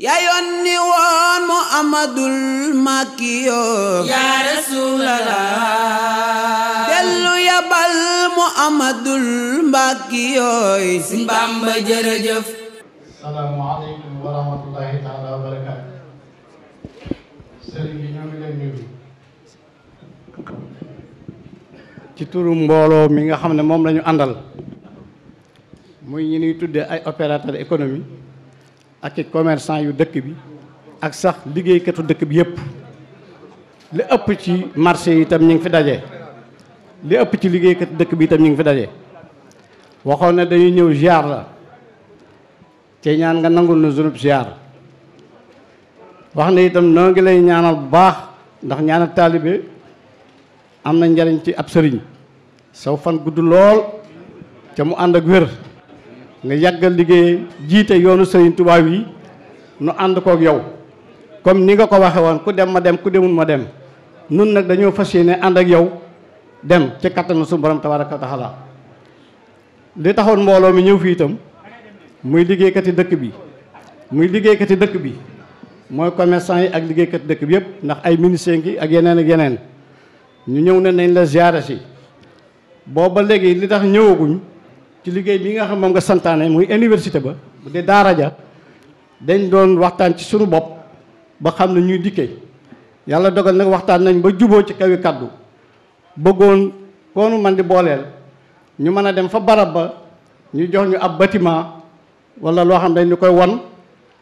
Ya yoni woon Muhammadul Makiyo. Ya Rasulallah. Ya bal Muhammadul Makiyo. Simbam bejerejef Assalamualaikum warahmatullahi taala wabarakatuh Seri sëriñ bi ñoo ngi ci turu mbolo mi nga xamne mom lañu andal muy ñi ñuy tuddé ay opérateur économique. ak i commerçant yu dëkk bi ak sax liggéeykatu dëkk bi yëpp li ëpp ci marché yi itam ñu ngi fi daje li ëpp ci liggéeykatu dëkk bi itam ñu ngi fi daje waxoon ne dañuy ñëw ziar la te ñaan nga nangul na zunub ziar wax na itam noo ngi ñaanal bu baax ndax ñaanal taalibe am na njariñ ci ab sëriñ saw fan gudd lool ca mu ànd ak wér nga yàggal liggéey jiite yoonu Serigne Touba yi nu ànd kook yow comme ni nga ko waxe woon ku dem ma dem ku demul ma dem nun nag dañoo fas yéene ànd ak yow dem ci kattanu su borom tabaraka wa taala li taxoon mbooloo mi ñëw fii itam muy liggéeykati dëkk bi muy liggéeykati dëkk bi mooy commerçant yi ak liggéeykati dëkk bi yëpp ndax ay ministère ngi ak yeneen ak yeneen ñu ñëw ne nañ la ziyaare si booba léegi li tax ñëwaguñ ci liggéey bii nga xam moom nga santaane muy université ba bu dee daara ja dañ doon waxtaan ci sunu bopp ba xam na ñuy dikke yàlla dogal nag waxtaan nañ ba juboo ci kawi kàddu bëggoon koonu man di booleel ñu mën a dem fa barab ba ñu jox ñu ab bâtiment wala loo xam dañ ñu koy wan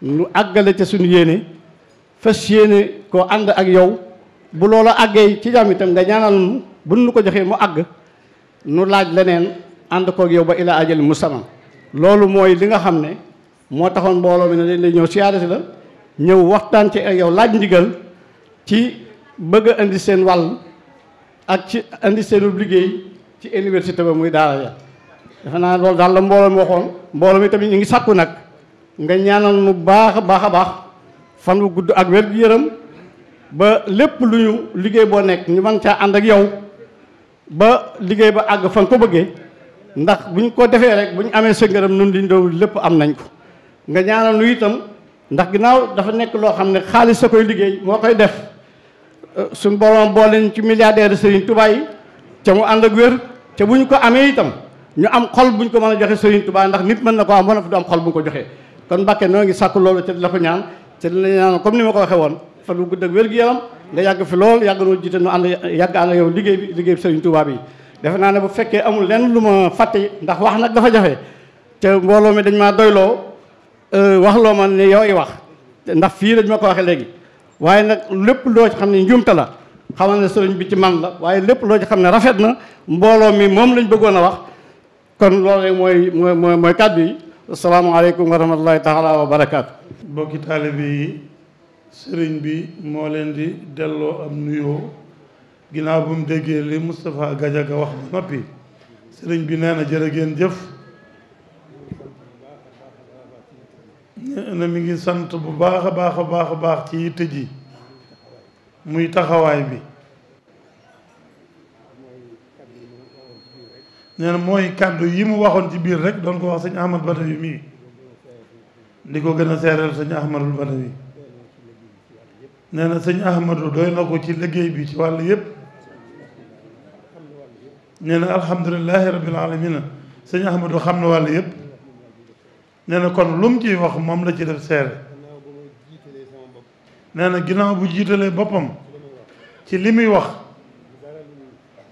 ñu àggale ca suñu yéene fës yéene koo ànd ak yow bu loola àggee ci jàmm itam nga ñaanal bu nu ko joxee mu àgg nu laaj leneen ànd koog yow ba ilaa mu musamman loolu mooy li nga xam ne moo taxoon mbooloo mi ne dañ lay ñëw siyaare si la ñëw waxtaan ci ak yow laaj ndigal ci bëgg indi seen wàll ak ci indi seenu liggéey ci université ba muy daara ya defe naa loolu daal la mbooloo mi waxoon mbooloo mi tamit ñu ngi sàkku nag nga ñaanal mu baax a baax a baax fan wu gudd ak wér gu yaram ba lépp lu ñu liggéey boo nekk ñu mën caa ànd ak yow ba liggéey ba àgg fan ko bëggee ndax bu ñu ko defee rek bu ñu amee sa ngërëm nun liñ doon lépp am nañ ko nga ñaanal nu itam ndax ginnaaw dafa nekk loo xam ne xaalis sa koy liggéey moo koy def euh, suñ borom booleen ci milliardaire Serigne Touba yi ca mu ànd ak wér ca bu ñu ko amee itam ñu am xol bu ñu ko mën a joxe Serigne Touba ndax nit mën na ko am wala du am xol bu ñu ko joxee kon Mbàkke noo ngi sàkku loolu ca la ko ñaan ca la ñaan comme ni ma ko waxee woon fa lu gudd ak wér gi yàgg fi lool yàgg noo jiite nu ànd yow liggéey bi liggéey bi Serigne Touba defe naa ne bu fekkee amul lenn lu ma fàtte ndax wax nag dafa jafe te mbooloo mi dañ maa doyloo euh, wax loo ma ne yooyu wax ndax fii dañ ma ko waxee léegi waaye nag lépp loo ci xam ne njuumte la xamal ne sëriñ bi ci man la waaye lépp loo ci xam ne rafet na mbooloo mi moom lañ bëggoon a wax kon loolu mooy mooy mooy kàddu yi asalaamaaleykum wa rahmatullahi taala wa barakaatu bokki taalibe yi sëriñ bi moo leen di delloo am nuyoo ginnaaw bu mu déggee li Moustapha Gadiaga wax ba noppi sëriñ bi nee na a ngeen jëf na mi ngi sant bu baax a baax a baax a baax ci yitte ji muy taxawaay bi nee na mooy kàddu yi mu waxoon ci biir rek doon ko wax sëñ Ahmad Badawi mii di ko gën a seereel sëñ Ahmadul Badawi nee na sëñ Ahmadu doy na ko ci liggéey bi ci wàll yépp نينا الحمد لله رب العالمين سيدنا احمد خامن والي ييب نينا كون لوم جي واخ موم لا جي ديف سير نينا غيناو بو جيتالي بوبام تي ليمي واخ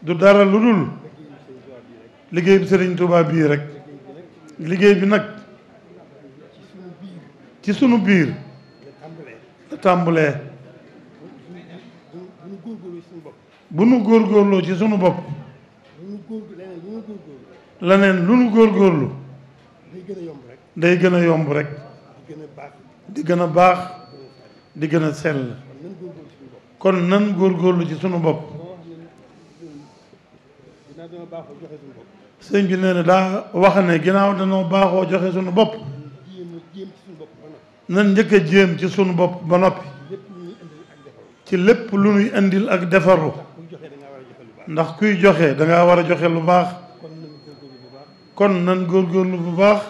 دو دارا لودول ليغي بي سيرن توبا بي رك ليغي بي ناك تي سونو بير تي سونو بير تامبلي بونو غور غور لو تي سونو بوب leneen lu nu góorgóorlu day gën yomb rek day gën a yomb rek di gën a baax di gën a sell kon nan góorlu ci sunu bopp sëñ bi nee na daa wax ne ginnaaw danoo baaxoo joxe sunu bopp nan njëkk jéem ci sunu bopp ba noppi ci lépp lu nuy indil ak defaru ndax kuy joxe danga war a joxe lu baax kon nan góor góorgóorlu bu baax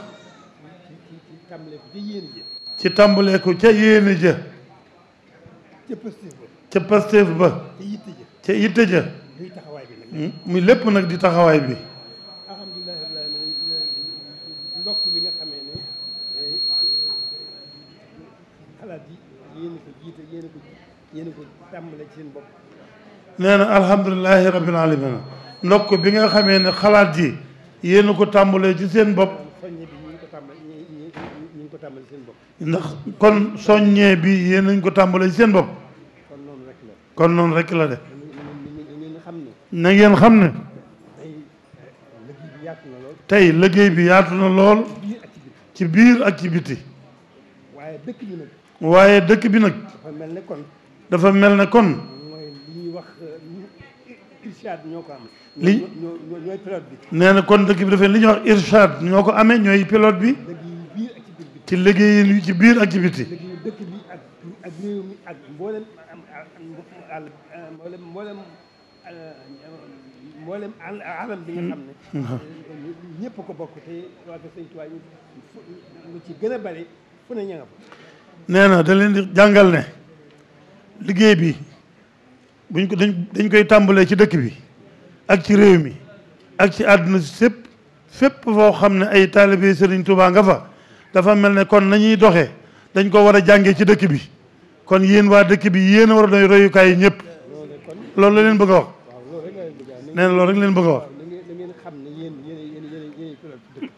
ci tàmbaleeku ca yéene ja ca pasteef ba ca yitte ja mm, muy lépp nag di taxawaay bi eh, ndokk bi nga xamee ne eh, ci seen bopp nee na alhamdulilahi rabbil alamina ndokk bi nga xamee ne xalaat yi yéen ko tàmbalee ci seen bopp ndax kon soññee bi yéen nañ ko tàmbalee ci seen bopp kon noonu rek la de na ngeen xam ne tey liggéey bi yaatu na lool ci biir ak ci biti waaye dëkk bi nag dafa mel ne kon dafa mel ne kon irshad ñoo ko am li ñooy pilote bi nee na kon dëkk bi dafay li ñuy wax irshad ñoo ko amee ñooy pilote bi ci liggéeyin yu ci biir ak ci biti dëkk bi ak ak réew mi àll mboolem mboolem mboolem alam bi nga xam ne hmm. ñëpp ko bokk ci gën a bari fu di jàngal ne liggéey bi buñ ko dañ koy tàmbalee ci dëkk bi ak ci réew mi ak ci àdduna sépp fépp foo xam ne ay taalibe Sëriñ Tuubaa nga fa dafa mel ne kon nañuy doxe dañ ko war a jàngee ci dëkk bi kon yéen waa dëkk bi yéen a war a doy royukaay yi ñëpp loolu la leen bëgg a wax nee na loolu rek leen bëgg a wax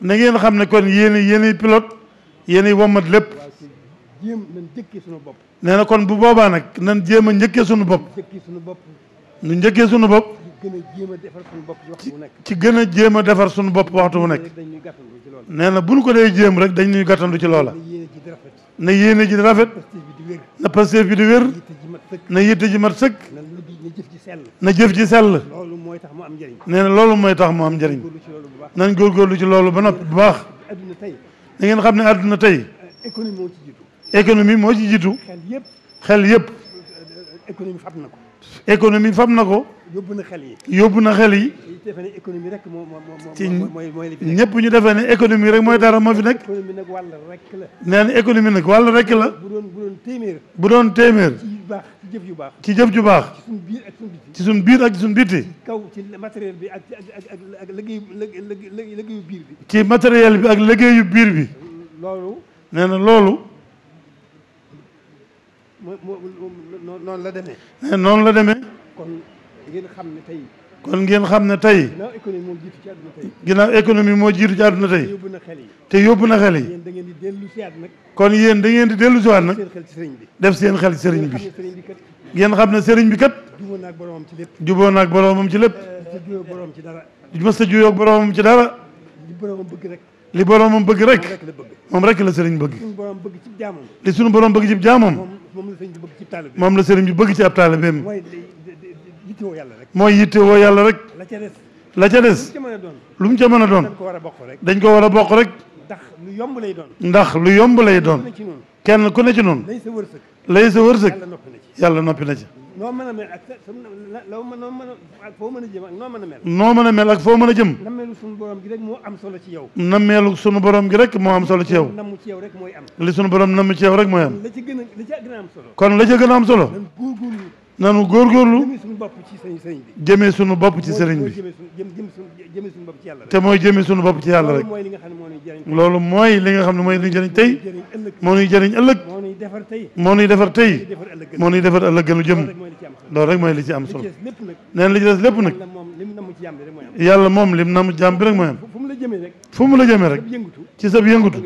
na xam ne kon yéen yéenay pilote yéenay womat lépp jéem nañ jëkkee suñu bopp. nee na kon bu boobaa nag nan jéem a njëkkee sunu bopp. suñu bopp. nu njëkkee sunu bopp. ci gën a jéem a defar suñu bopp waxtu bu nekk. ci gën a jéem a defar suñu bopp waxtu bu nekk. nee na bu ko dee jéem rek dañ ñuy gàttandu ci loola. na yéene ji rafet. na pasteef bi di wér. na yitte ji mat sëkk. na jëf ji sell. loolu mooy tax mu am njëriñ. nee na loolu mooy tax mu am njëriñ. nañ góorgóorlu ci loolu ba noppi bu baax. da ngeen xam ne àdduna tey. économie moo ci jiitu. économie moo ci jiitu. xel yëpp xel yëpp. économie fab na ko. économie fab na ko. yóbbu na xel yi. yóbbu na xel yi. économie rek moo ñëpp ñu defee ne économie rek mooy dara moo fi nekk. économie nag wàll rek la. nee na économie nag wàll rek la. bu doon bu téeméer. bu doon téeméer. ci baax jëf ju baax. ci jëf ju baax. ci biir ak suñ biti. ci suñ biir ak suñ biti. kaw ci matériel bi ak ak ak liggéeyu liggéeyu biir bi. ci matériel bi ak liggéeyu biir bi. loolu. nee na loolu. noonu la demee. Eh, noonu la demee. kon ngeen xam ne tey. kon ngeen xam ne tey. ginnaaw économie moo jiitu ci àdduna tey. ginnaaw moo jiitu ci àdduna tey. te yóbbu na xel yi. te yóbbu na xel yi. da ngeen di dellu si nag. kon yéen da ngeen di dellu siwaat nag. def seen xel ci sëriñ bi. ngeen xam ne sëriñ bi kat. juboo naag boromam ci lépp. juboo naag boromam ci lépp. mës ta juyoo boromam ci dara. mës ta juyoo boromam ci li boromam bëgg rek moom rek la sëriñ bëgg li sunu borom bëgg ci jaamam moom la sëriñ bi bëgg ci ab taalibeem mooy woo yàlla rek la ca des lu mu ca mën a doon dañ ko war a bokk rek ndax lu yomb lay doon kenn ku ne ci noonu lay sa wërsëg yàlla noppi na ci noo mën a mel ak loo mën noo mën a ak foo mën a jëm ak noo mën a mel. noo mën a mel ak foo mën a jëm. nammeelu sunu borom gi rek moo am solo ci yow. nammeelu sunu borom gi rek moo am solo ci yow. namm ci yow rek mooy am. li sunu borom namm ci yow rek mooy am. la ci gën a la ca gën a am solo. kon la ca gën a am solo. nan góorgóorlu. nanu góorgóorlu. jëmee sunu bopp ci sëriñ bi. jëmee sunu bopp ci sëriñ bi. jëmee sunu bopp ci yàlla rek. te mooy jëmee sunu bopp ci yàlla rek. loolu mooy li nga xam ne mooy li ñu jëriñ tey moo ñuy jëriñ ëllëg defar tey moo nuy defar tey moo nuy defar ëllëg gënu jëm loolu rek mooy li ci am solo neen li ci des lépp nag yàlla moom lim namu jàmm bi rek mooy am fu mu la jëmee rek ci sab yëngutu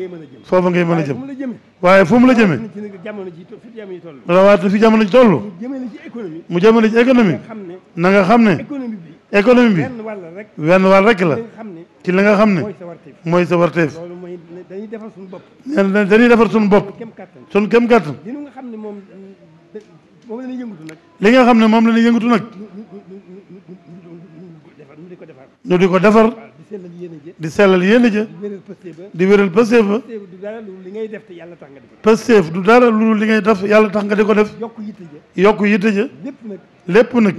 foofa ngay mën a jëm waaye fu mu la jëmee rawaat fi jamono ji mu jëmale ci économie na nga xam ne économie bi wenn wàll rek la ci la nga xam ne mooy sa warteef dañuy defar suñu bopp. nee dañuy defar suñu bopp. suñu kéem kàttan. li nga xam ne moom moom la ñuy yëngatu nag. li nga xam ne moom la ñuy yëngatu nag. ñu di ko defar. ñu di ko defar. di sellal yéen a jë. di wéral pësteef ba. pësteef du dara lu li ngay def te yàlla tax nga di ko def. pësteef lu li ngay def yàlla tax nga di ko def. yokk yitte jë. yokk yitte jë. lépp nag. lépp nag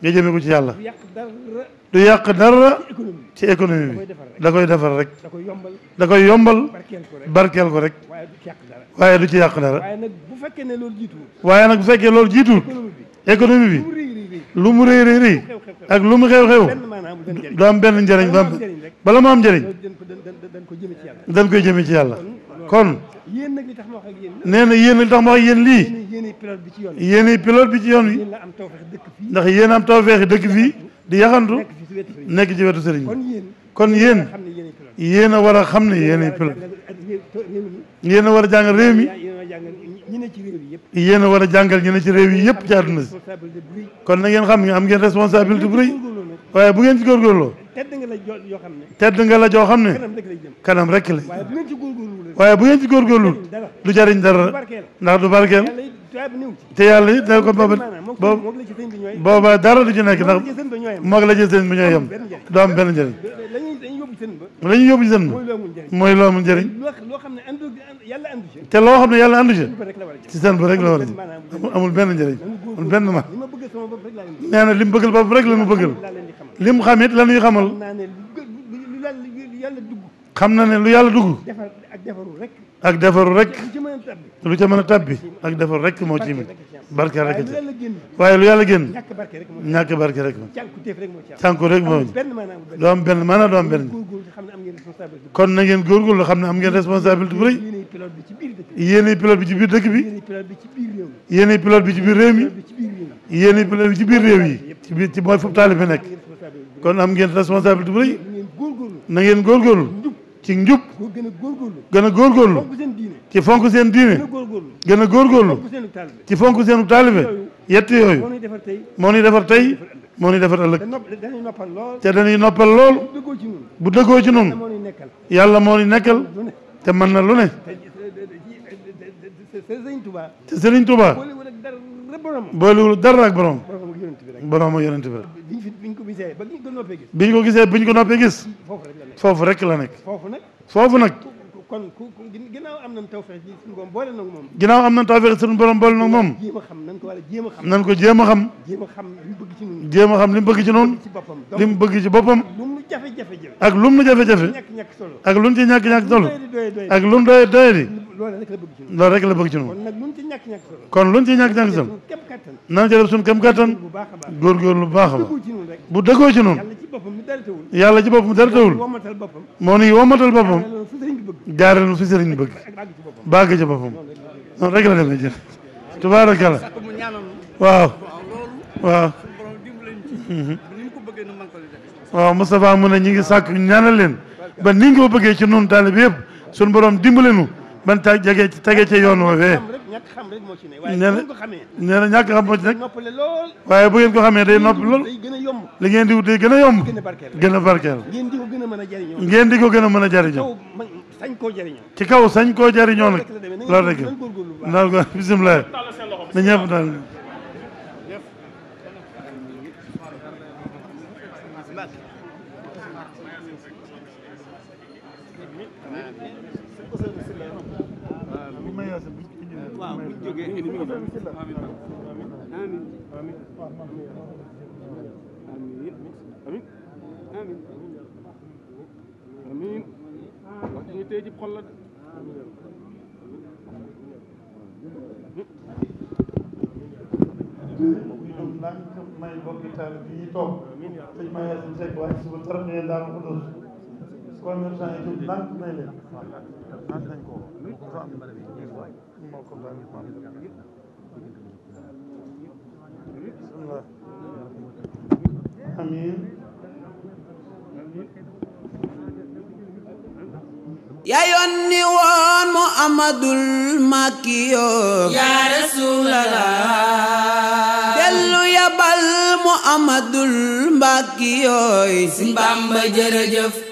nga jëmee ko ci yàlla. nga ko ci yàlla. du du yàq dara ci économie bi da koy defar rek da koy yombal barkeel ko rek waaye du ci yàq dara waaye nag bu fekkee loolu jiituwul économie bi lu mu rëy rëy rëy ak lu mu xew-xew du am benn njëriñ du am bala mu am njëriñ dan koy jëme ci yàlla kon nee na yéen nag tax ma wax ak yéen lii yéenay pilote bi ci yoon wi ndax yéen am tawfeexi dëkk fii di yaxantu nekk ci wetu sëriñ bi kon yéen yéen a war a xam ne yéen ay pil yéen a war a jàngal réew mi yéen a war a jàngal ñi ne ci réew yi yëpp ci àdduna si kon na ngeen xam ne am ngeen responsabilité bu rëy waaye bu ngeen ci góorgóorloo tedd nga la joo xam ne kanam rek la waaye bu ngeen ci góorgóorlu du jariñ dara ndax du barkeel te yàlla it da ko booba booba dara du ci nekk ndax moog la ci sëñ bi ñooy yem du am benn njëriñ la ñuy yóbbu ci sëñ bi mooy loo amul njëriñ te loo xam ne yàlla andu ci ci sëñ bi rek la war a amul benn njëriñ amul benn ma nee na li mu bëggal bopp rek la mu bëggal li mu xam it la ñuy xamal xam na ne lu yàlla dugg. ak defaru rek lu ca mën a tabbi ak defaru rek moo ci mi barke rek ca waaye lu yàlla génn ñàkk barke rek ma cànku rek moo doo am benn maanaam doo am benn kon na ngeen góorgóorlu xam ne am ngeen responsabilité bu rëy yéenay pilote bi ci biir dëkk bi yéenay pilote bi ci biir réew mi yéenay pilote bi ci biir réew yi ci biir ci mooy fop taali fi nekk kon am ngeen responsabilité bu rëy na ngeen góorgóorlu ci njub gën a góorgóorlu gën a góorgóorlu ci fonk seen diine gën a góorgóorlu ci fonk seenu taalibe yett yooyu moo ñuy defar tey moo ñuy defar ëllëg te dañuy noppal lool bu dëggoo ci nun yàlla moo ñu nekkal te mën na lu ne te Sëriñ Tuubaa boolewul dara ak borom borom ak yonent bi rek biñ ko gisee biñ ko noppee gis foofu rek la nekk. foofu nag foofu nag. kon ku ginnaaw am na taw ci suñu boole nag moom. ginnaaw am nañ tawfeex suñu borom boole nag moom. jéem a xam nañ ko wala a xam. nañ ko jéem a xam. jéem a xam li bëgg ci noonu. jéem a li mu bëgg ci boppam. lu mu jafe ak lu mu jafe-jafe. ak lu mu ci ñàkk-ñàkk solo. ak lu mu doye doye di. loolu rek la bëgg ci noonu. loolu rek la bëgg ci noonu. kon nag lu mu ci ñàkk-ñàkk solo. kon lu mu ci ñàkk-ñàkk solo. nañ ci def suñu kéem kattan. góorgóorlu bu bu dëggoo ci noonu yàlla ci boppam dara tawul moo nuy womatal boppam gaareel nu fi sëriñ bi bëgg bàgg ci boppam noonu rek la demee jëf tubaarakala waaw waaw mhm. waaw Moustapha mu ne ñi ngi sàkk ñaanal leen ba ni nga ko bëggee ci noonu taalibe yëpp suñu borom dimbalenu ban ta jegee tegee ca yoon ñàkk xam rek moo ci ne waaye bu ngeen ko xamee nee na ñàkk xam moo ci nekk noppale lool waaye bu ngeen ko xamee day noppi lool day gën a yomb li gën a yomb gën a a di ko gën a mën a jariñoo ngeen a a kaw sañ koo jariñoo nag loolu rek la naa ko bisimilah na ñëpp mi ngi mi ngi amiin amiin amiin amiin amiin amiin wax ñu tey jib xol la am nag may bokki taal bi ñu toog sëñ ma yaa suñ sekk waaye suba tara nee daal ko dos commerçant yi tudd nag may leen nag nañ ko amiin yaa yónni woon Muhammadul Makiyo yaa Rasulallah dellu yabal Muhammadul Makiyo si Bamba jërëjëf